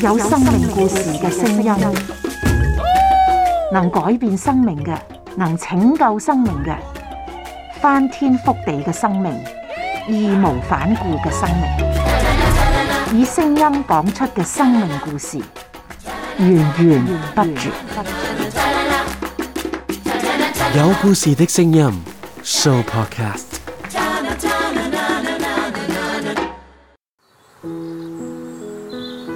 有生命故事嘅聲音，能改變生命嘅，能拯救生命嘅，翻天覆地嘅生命，義無反顧嘅生命，以聲音講出嘅生命故事，源源不絕。有故事嘅聲音，Show Podcast。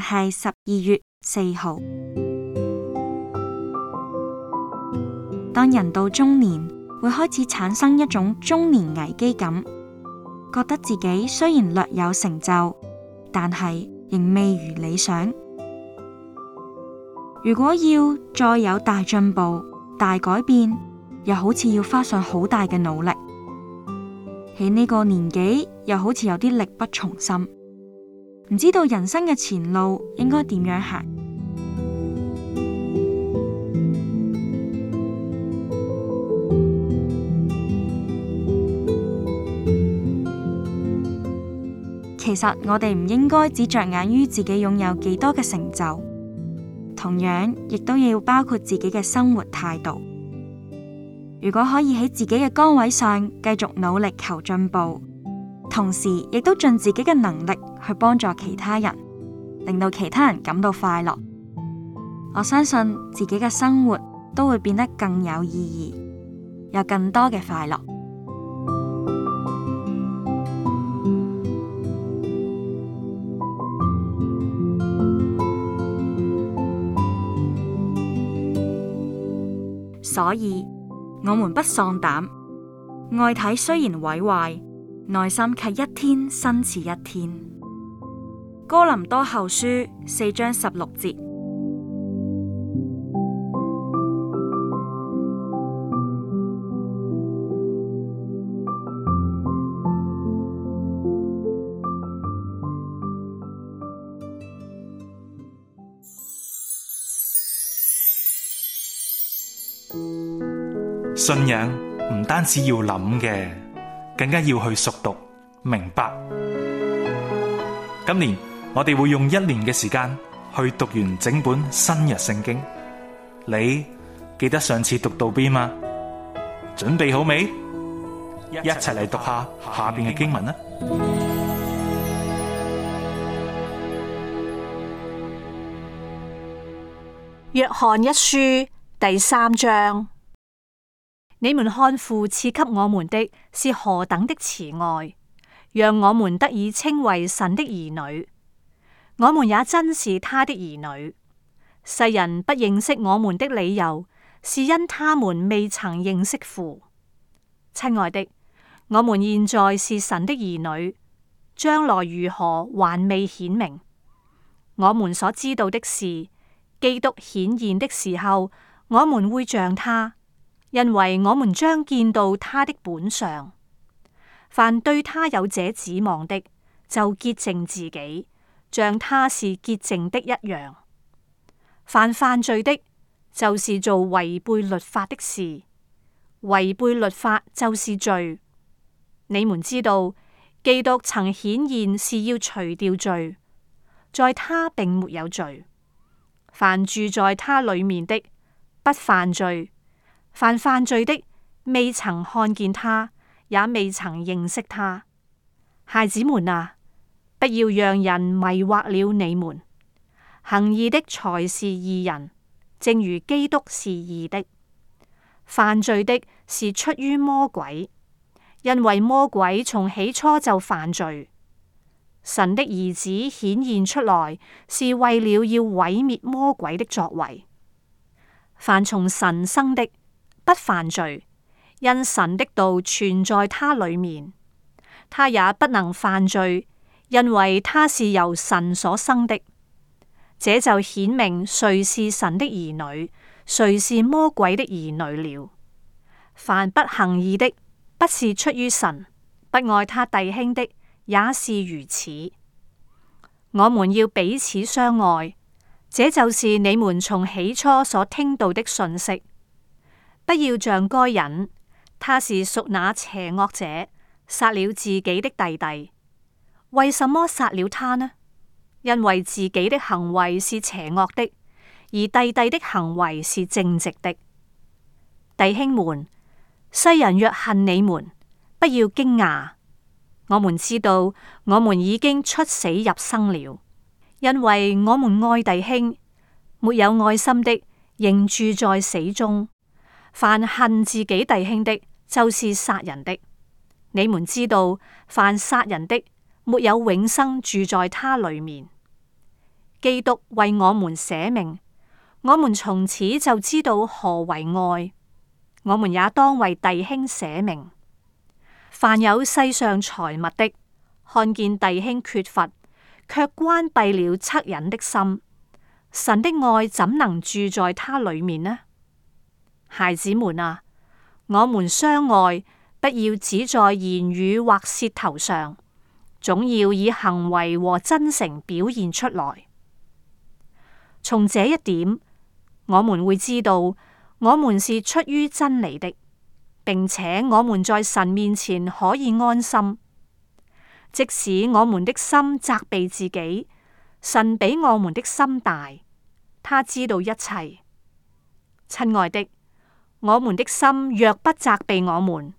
係十二月四號。當人到中年，會開始產生一種中年危機感，覺得自己雖然略有成就，但係仍未如理想。如果要再有大進步、大改變，又好似要花上好大嘅努力。喺呢個年紀，又好似有啲力不從心。唔知道人生嘅前路應該點樣行？其實我哋唔應該只着眼於自己擁有幾多嘅成就，同樣亦都要包括自己嘅生活態度。如果可以喺自己嘅崗位上繼續努力求進步。同時，亦都盡自己嘅能力去幫助其他人，令到其他人感到快樂。我相信自己嘅生活都會變得更有意義，有更多嘅快樂。所以，我們不喪膽，外體雖然毀壞。內心卻一天新似一天，一天《哥林多後書》四章十六節。信仰唔單止要諗嘅。更加要去熟讀明白。今年我哋會用一年嘅時間去讀完整本新約聖經。你記得上次讀到邊嗎？準備好未？一齊嚟讀下下邊嘅經文啦。約翰一書第三章。你們看父賜給我們的，是何等的慈愛，讓我們得以稱為神的兒女。我們也真是他的兒女。世人不認識我們的理由，是因他們未曾認識父。親愛的，我們現在是神的兒女，將來如何，還未顯明。我們所知道的是，基督顯現的時候，我們會像他。因為我們將見到他的本相，凡對他有這指望的，就潔淨自己，像他是潔淨的一樣。凡犯罪的，就是做違背律法的事；違背律法就是罪。你們知道，基督曾顯現是要除掉罪，在他並沒有罪。凡住在他裏面的，不犯罪。凡犯罪的未曾看見他，也未曾認識他。孩子們啊，不要讓人迷惑了你們。行義的才是義人，正如基督是義的。犯罪的是出於魔鬼，因為魔鬼從起初就犯罪。神的兒子顯現出來，是為了要毀滅魔鬼的作為。凡從神生的，不犯罪，因神的道存在他裏面；他也不能犯罪，因為他是由神所生的。這就顯明誰是神的兒女，誰是魔鬼的兒女了。凡不行義的，不是出於神；不愛他弟兄的，也是如此。我們要彼此相愛，這就是你們從起初所聽到的信息。不要像該隱，他是屬那邪惡者，殺了自己的弟弟。為什麼殺了他呢？因為自己的行為是邪惡的，而弟弟的行為是正直的。弟兄們，世人若恨你們，不要驚訝。我們知道，我們已經出死入生了，因為我們愛弟兄，沒有愛心的仍住在死中。凡恨自己弟兄的，就是殺人的。你們知道，凡殺人的沒有永生住在他裏面。基督為我們捨命，我們從此就知道何為愛。我們也當為弟兄捨命。凡有世上財物的，看見弟兄缺乏，卻關閉了惻隱的心，神的愛怎能住在他裏面呢？孩子們啊，我們相愛，不要只在言語或舌頭上，總要以行為和真誠表現出來。從這一點，我們會知道我們是出於真理的，並且我們在神面前可以安心。即使我們的心責備自己，神比我們的心大，他知道一切。親愛的。我們的心若不責備我們，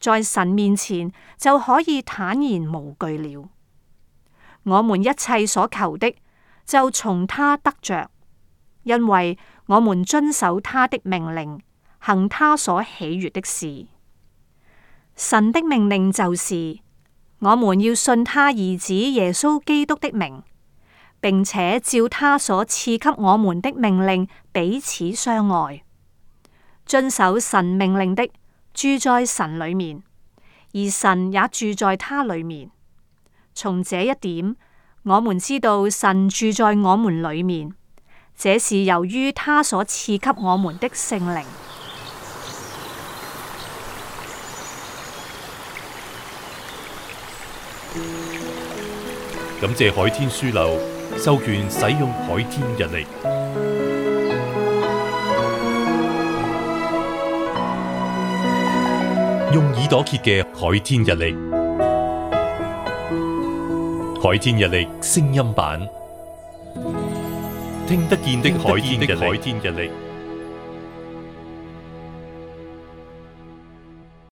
在神面前就可以坦然無懼了。我們一切所求的，就從他得着，因為我們遵守他的命令，行他所喜悅的事。神的命令就是，我們要信他兒子耶穌基督的名，並且照他所賜給我們的命令，彼此相愛。遵守神命令的，住在神裏面，而神也住在他裏面。從這一點，我們知道神住在我們裏面，這是由於他所賜給我們的聖靈。感謝海天書樓授權使用海天日曆。用耳朵揭嘅《海天日曆》，《海天日曆》聲音版，聽得見的《海天日曆》。